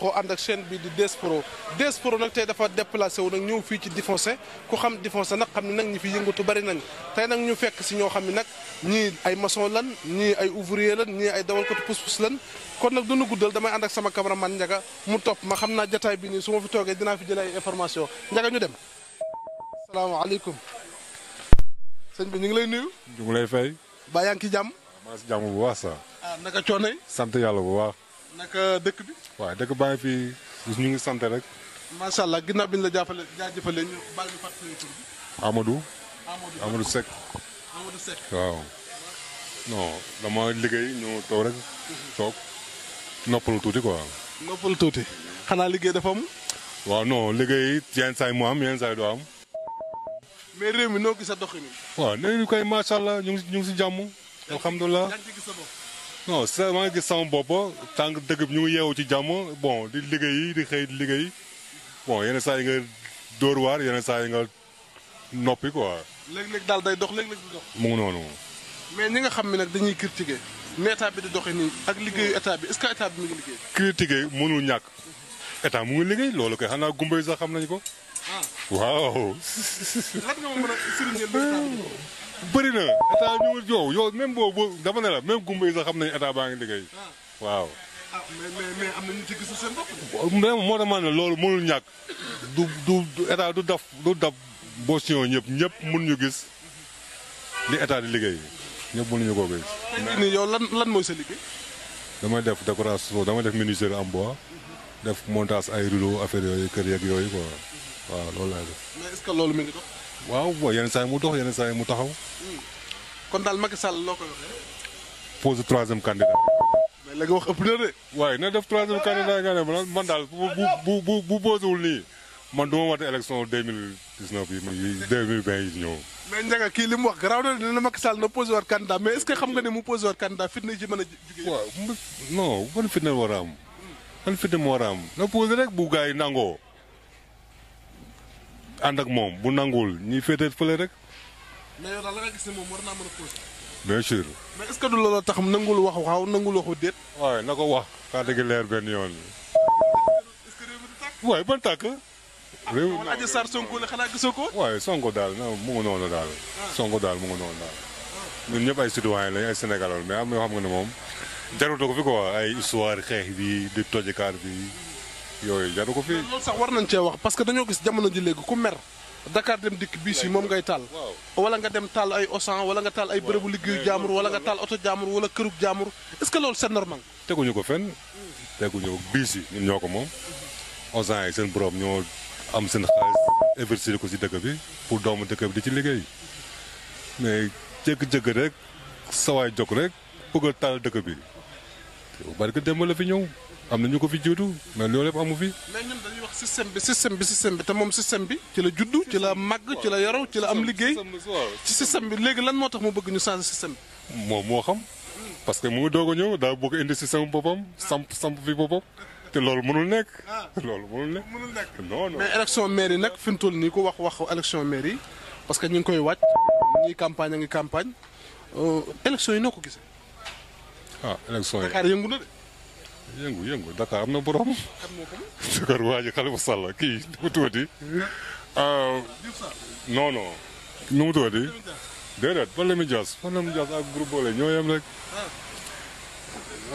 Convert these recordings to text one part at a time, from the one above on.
baaxoo ànd ak chaîne bi di DS Pro DS Pro nag tey dafa déplacé wu nag ñëw fii ci Difoncé ku xam Difoncé nag xam ne nag ñi fi yëngatu bari nañ tey nag ñu fekk si ñoo xam ne nag ñi ay maçon lan ñi ay ouvrier lan ñii ay dawalkatu pus-pus lan kon nag dunu guddal damay ànd sama sama cameraman njaga mu topp ma xam naa jataay bi nii su fi toogee dinaa fi jël ay information Ndiaga ñu dem asalaamaaleykum sëñ bi ñu ngi lay nuyu ñu ngi lay fay baa yaa ngi ci jàmm maa ngi si ah, sant yàlla bu baax naka euh, dëkk bi. waaw dëkk baa ngi fi ñu ngi sant rek. macha allah ginnaaw bi ñu la jàppale jaajëfalee ñu baal ñu fàttali tur bi. waaw. non dama liggéey ñu toog rek. toog noppalu tuuti quoi. noppalu tuuti. xanaa liggéey dafa am. waaw no liggéey yenn saa mu am yenn doo yi du am. mais réew mi noo gis a doxin. waaw léegi kay macha allah ñu ngi ñu ngi si jàmm. alhamdulilah yaa ngi gis sa bopp. non c'est maa ngi gis sama bopp tànk dëgg bi ñu ngi yeewu ci jàmm bon di liggéey di xëy di liggéey bon yenn saa yi nga dóor waar yenn saa yi nga noppi quoi. léeg-léeg daal day dox léeg mu ngi noonu. mais ñi nga xam ne nag dañuy critiquer mais état bi di doxee nii ak liggéeyu état bi est que état bi mu ngi liggéey. critiquer mënul ñàkk état mu ngi liggéey loolu kay xanaa gumba yi sax xam nañ ko. Ah. waaw. a bëri na état ñu wër yow yow même boobu dama ne la gumba yi sax xam nañ état baa ngi liggéey ah. waaw. ah mais mais am na ñu ci gisu seen bopp. moo tax ma ne loolu mënul ñàkk du du état du daf du daf bosion ñëpp ñëpp mën ñu gis li état di liggéey ñëpp mënuñu koo gis. mais ni yow lan lan mooy sa liggéey. damay def décoration damay def menuiserie en bois mhm. def montage ay rideau affaire yooyu kër yeeg yooyu quoi mhm. waaw loolu laay def. mi waaw boo yenn saa yi mu dox yenn saa yi mu taxaw. Hmm. kon daal Macky Sall loo koy waxee. pose troisième candidat. mais la nga wax ëpp na de. waaye na def troisième candidat nga ne man daal bu bu bu bu posewul nii man du ma wate élection deux mille dix neuf yi deux mille vingt mais Ndiaga kii li mu wax garaaw na ne Macky Sall na posé waat candidat mais est ce que xam nga ne mu posé waat candidat fitna ji mën a jugee. waaw non ban fitna war a am. ban fitna moo war a am. na posé rek bu gars yi nangoo. ànd ak moom bu nanguwul ñuy féetee fële rek. mais yow daal a posé. loolu tax nangul wax waaw nangul waxu déet. waaye na ko wax. kaa dëgg leer benn yoon. est ce que tàkk. waaye ban tàkk. réew mi Adji Sarr waaye ah. Sonko daal mu ngi noonu daal. Sonko daal mu ngi noonu daal. ñun ñëpp ay citoyen lañ ay sénégalais mais am na xam nga ne moom jarutoo ko fi quoi ay histoire xeex bi di tojikaar bi. yooyu jaru ko fi loolu sax war nañ cee wax parce que dañoo gis jamono ji léegi ku mer Dakar dem dikk biis yi moom ngay taal wala nga dem taal ay osan wala nga taal ay bërëbu liggéeyu jaamur wala nga taal oto jaamur wala kërub jaamur est-ce que loolu c'est normal teguñu ko fen teguñu ko biis yi ñun ñoo ko moom osan yi seen borom ñoo am seen xaalis investir ko si dëkk bi pour doomu dëkk bi di ci liggéey mais jékki-jékki rek sawaay jóg rek bëgg a taal dëkk bi barke démb la fi ñëw am na ñu ko fi jiitu mais loolu yëpp amu fi. mais système bi système bi système bi te moom système bi ci la juddu ci la màgg ci la yaru ci la am liggéey ci système bi léegi lan moo tax mu bëgg ñu changer système bi. moom moo xam parce que mu ngi doog ñëw daa bëgg indi système boppam samp samp fi boppam te loolu mënul nekk. Ah. loolu mënul nekk mënul nekk. non non mais élection maire yi nag fi toll nii ko wax wax élection maire yi parce que ñu ngi koy wàcc ñii campagne a ngi campagne euh, élection yi noo ko gisee. Ah, yi yëngu na yëngu yëngu daka am na boroom kan moo ko moom. waa ji Khalifa Sall kii nu mu tuuti. Euh, non non. nu mu tuuti. déedéet Barthélémy Dias Barthélémy Dias ak groupe boole ñoo yem rek. Ah.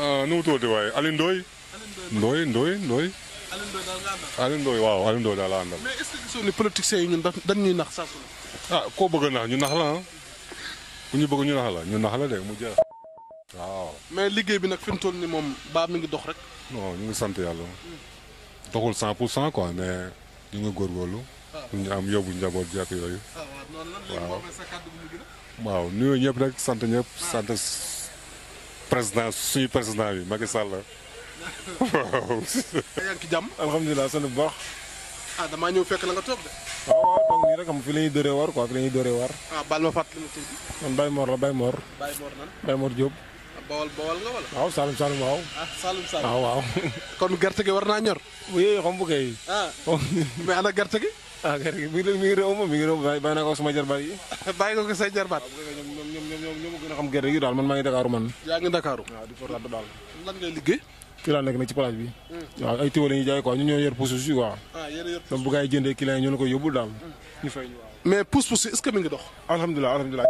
Euh, nu mu waaye Aliou Ndoye. Ndoye Ndoye Ndoye. waaw Aliou daal la àndal. mais est yi ñun dañ ñuy nax saa su ah koo bëgg nax ñu nax la ah. ku ñu bëgg ñu nax la ñu nax la de mu jeex. mais liggéey bi nag fi mu toll nii moom baa mi ngi dox rek. non ñu ngi sant yàlla. doxul 100 pour cent quoi mais ñu ngi góorgóorlu. pour ah. ñu am yóbbu njaboot ji yooyu. Ah, waaw waaw nuyu ñëpp rek sant ñëpp ah. sant président suñu président bi Macky Sall. waaw. yaa ngi bu baax. damaa ñëw fekk la nga toog de. waaw fi la ñuy dóoree war quoi fi la ñuy war. ah Baal ma fàttali ma tur bi. man la Baye Mor. bawal bawal nga wala. waaw Saloum Saloum waaw. ah Saloum Saloum waaw waaw. kon gerte gi war naa ñor. oui xam bu kay. ah mais ana gerte gi. ah gerte gi mi ngi réew ma mi ngi réew bàyyi naa ko sama jarbaat yi. bàyyi ko ko say jarbaat. Ah, ñoom ñoom ñoom ñoom gën a xam gerte gi daal man maa ngi Dakar man. yaa ngi Dakar. waaw di ko ràdd daal. lan ngay liggéey. fii laa nekk nag ci place bi. Hmm. waaw ay tiwale yi jaay quoi ñu ñoo yor pousse yi quoi. ah yéen a yor pousse donc bu gaa yi jëndee client yi ñoo la koy yóbbul daal. Hmm. ñu fay ñu waaw. mais pousse pousse yi est-ce que mi ngi dox. alhamdulilah alhamdulilah.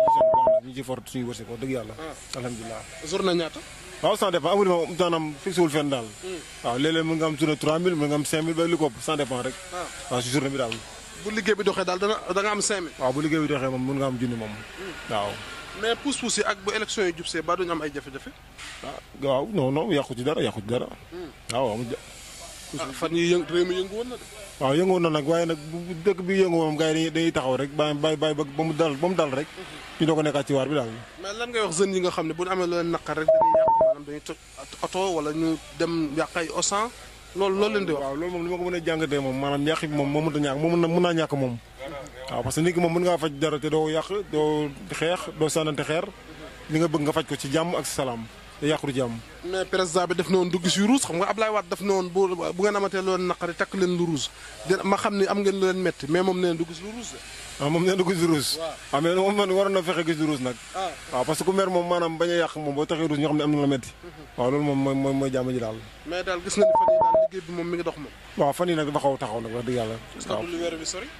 ñu ci fort suñu wërsëg wax dëgg yàlla. Ah. alhamdulilah. journée ñaata. waaw ça dépend amul moom maanaam fixé wul fenn daal. Hmm. waaw léeg-léeg nga am journée 3000 mën nga am 5000 ba lu ko ëpp ça dépend rek. Ah. waaw si journée bi daal. bu liggéey bi doxee daal dana da nga am waaw bu liggéey bi doxee moom mën nga am junni moom. Hmm. waaw. mais pousse-pousse yi ak bu élection yi jub see ba duñu am ay jafe-jafe. Ah, waaw non yàqu ci dara yàqu ci dara. Hmm. Ah, fan yii yëng réew mi yëngu woon na de. waaw yëngu woon na nag waaye nag bu dëkk bi yëngu woon gars yi dañuy taxaw rek bàyyi bàyyi bàyyi ba mu dal ba mu dal rek. ñu doog a nekkaat ci waar bi daal. mais lan ngay wax nga xam ne bu ñu amee looleen naqar rek dañuy yàq oto wala ñu dem yàq ay osan loolu loolu leen di wax. lool moom li ma ko mën a jàngatee moom maanaam yàq bi moom moo mënta ñàkk moom mën naa ñàkk moom. waaw parce que nit ki moom mën ngaa faj dara te doo yàq doo xeex doo sànnante xeer li nga bëgg nga faj ko ci jàmm ak salaam yàquru jàmm mais président bi def na woon du gis yu ruus xam nga Ablaye Wade def na woon bu ngeen amatee loolu naqari takk leen lu ruus ma xam ne am ngeen lu leen métti ah, moom nee na du gis lu ruus waaw ah, moom nee na du gis lu ruus waaw ah. mais a xam na la mhm. loolu moom mooy jàmm ji daal mais daal gis nañu fan yi moom mi ngi dox moom waaw fan yi nag dafa xaw taxaw nag wax dëgg yàlla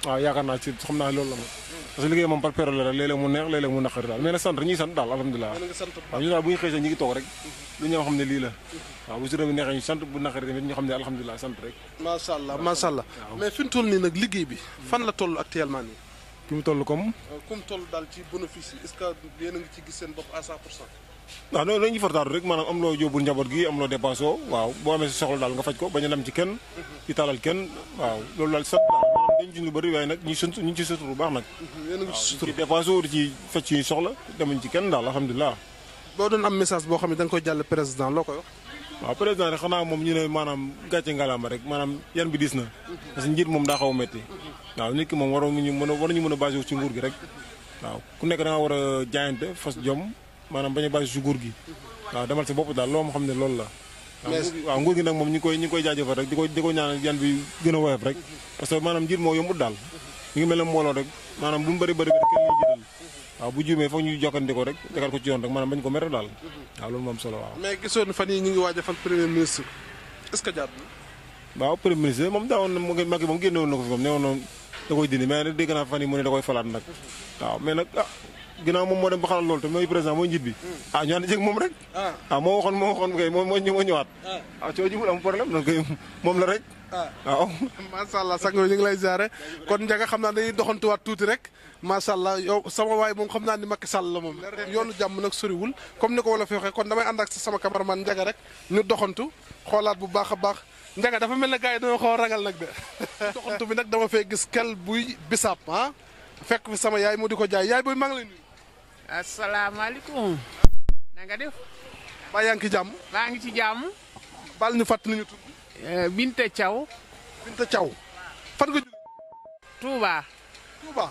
waaw yaakaar naa ci xam naa loolu la moom parce que liggéey moom par période la rek léeg-léeg mu neex léeg-léeg mu naqari daal mais nag sant ñuy sant daal alhamdulilah waaw ñu daal bu ñu xëy sax ñi toog rek lu ñoo xam ne lii la waaw bu journée bi neexee ñu sant bu naqari fi mu toll nii nag liggéey euh, daal ci bénéfice a ngi ci am loo yóbbul njaboot gi am loo dépassé waaw boo amee sa soxla daal nga faj ko bañ a lam ci kenn ci mhm. taalal kenn waaw loolu daal sant dañ ci lu bëri waaye nag ñu sant ñu ngi ci sutur bu baax nag. Mhm, yéen a ngi ci sutur waaw fecc yu soxla demuñ ci kenn daal alhamdulilah. boo doon am message boo xam ne da nga koy jàll président loo koy wax. waaw président rek xanaa moom ñu ne maanaam gàcce ngalaama rek maanaam yan bi diis na. Mhm. parce njiit moom daa xaw a métti. Mhm. waaw nit ki moom waroon ñu mën a war mën a basé wu ci nguur gi rek. waaw ku nekk da war a jaayante fas jom maanaam bañ a basé ci nguur gi. waaw demal sa bopp daal loo xam ne loolu la waaw nguur gi nag moom ñi koy ñi koy jaajëfal rek di ko ñaan yan bi gën a woyof rek parce que maanaam njiit moo yombut daal ñu ngi mel ne mbooloo rek maanaam bu mu bëri bëri kenn ñu jiital bu juumee foog ñu jokkandi ko rek tegal ko ci yoon rek maanaam bañ ko mere daal waaw loolu moom solo waaw mais gisoon fan yi ñu ngi waaj a fal premier ministre est-ce que jàpp moom daawoon na Macky moom génne woon ko fi moom ne woon da koy falaat nag waaw mais nag ah ginnaaw moom moo dem ba xalaat loolu te mooy président mooy njiit bi hmm. ah ñu ànd jëg moom rek ah. ah moo waxoon moo waxoon kay moom moo ñëwaat ah coo jibul am moom la rek ah. waaw macha allah sango ñu ngi lay ziare kon njaga xam naa dañuy doxantuwaat tuuti rek macha allah sama waay moom xam naa ni Macky Sall la moom yoonu jàmm nag soriwul comme ni ko wala fi waxee kon damay ànd ak sama cameraman njaga rek ñu doxantu xoolaat bu baax a baax njaga dafa mel ne gaa yi dañoo xaw a ragal nag de doxantu bi nag dama fee gis kel buy bisaab ah fekk fi sama yaay mu di ko jaay yaay buy maa ngi asalaamaaleykum. na nga def. ba yaa ngi ci jàmm. maa ngi ci jàmm. bal ñu fàttali ñu tudd. Eh, Binte Thiaw. Binte Thiaw. fan nga jógee. Touba. Touba.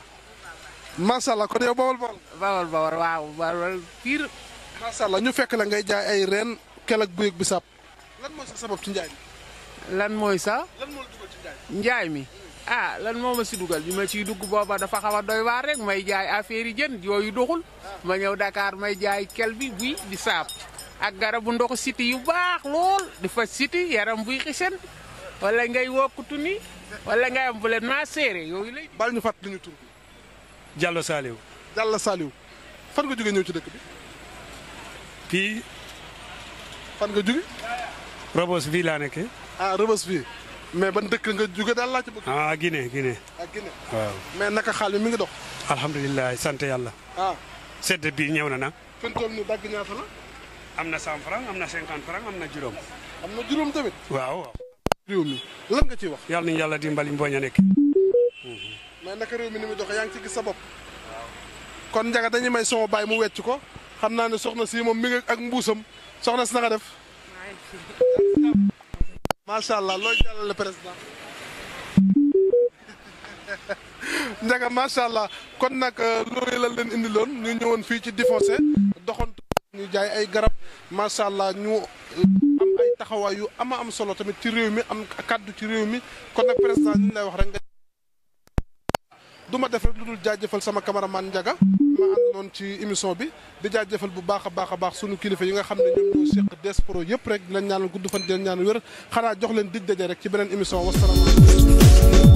kon yow bawal bawal. bawal bawal waaw ñu fekk la ngay jaay ay reen kel ak buy ak lan mooy sa sabab ci lan mooy sa. njaay mi. ah lan moo ma si dugal bi ma ciy dugg booba dafa xaw a doy waar rek may jaay affaire yi jën yooyu doxul ma ñëw Dakar may jaay kel bi buy di saab ak garabu ndoxu siti yu baax lool di fa siti yaram buy xisen wala ngay wokkutu ni wala ngay am maa séeré yooyu lay. bal ñu fàttali ñu tur bi. Diallo Saliou. Diallo fan nga jóge ñëw ci dëkk bi. fii. fan nga jóge. Rebeuss fii laa nekkee. ah fii. mais ban dëkk nga jóge daal laaj ci bëgg. ah Guinée ah, mais naka xaal bi mi ngi dox. alhamdulilah sant yàlla. ah sedd bi ñëw na na. fi mu bàgg nii dagg ñaata la. am na 100 francs am na 50 francs am na juróom. am na juróom tamit. waaw waaw. réew mi lan nga ciy wax. yàlla nañu yàlla dimbali mbooñ a nekk. mais naka réew mi ni muy doxee yaa ngi ci gis sa bopp. kon njaga dañuy may sama baay mu wecc ko xam naa ne soxna si moom mi ngi ak mbuusam soxna si na def. macha allah looy jàllale président. Ndiaga macha allah kon nag euh, loolu la leen indiloon ñu ñëwoon fii ci Défoncé doxantu ñu jaay ay garab macha allah ñu euh, am ay taxawaay yu ama am solo tamit ci réew mi am kàddu ci réew mi kon nag président ñu lay wax rek nga. du ma def lu dul jaajëfal sama cameraman njaga ma ci émission bi di jaajëfal bu baax a baax a baax sunu kilifa yi nga xam ne ñoom ñoo seq des pro yëpp rek di leen ñaanal gudd fan di leen ñaanal wér xanaa jox leen dig daje rek ci beneen émission wasalaamaaleykum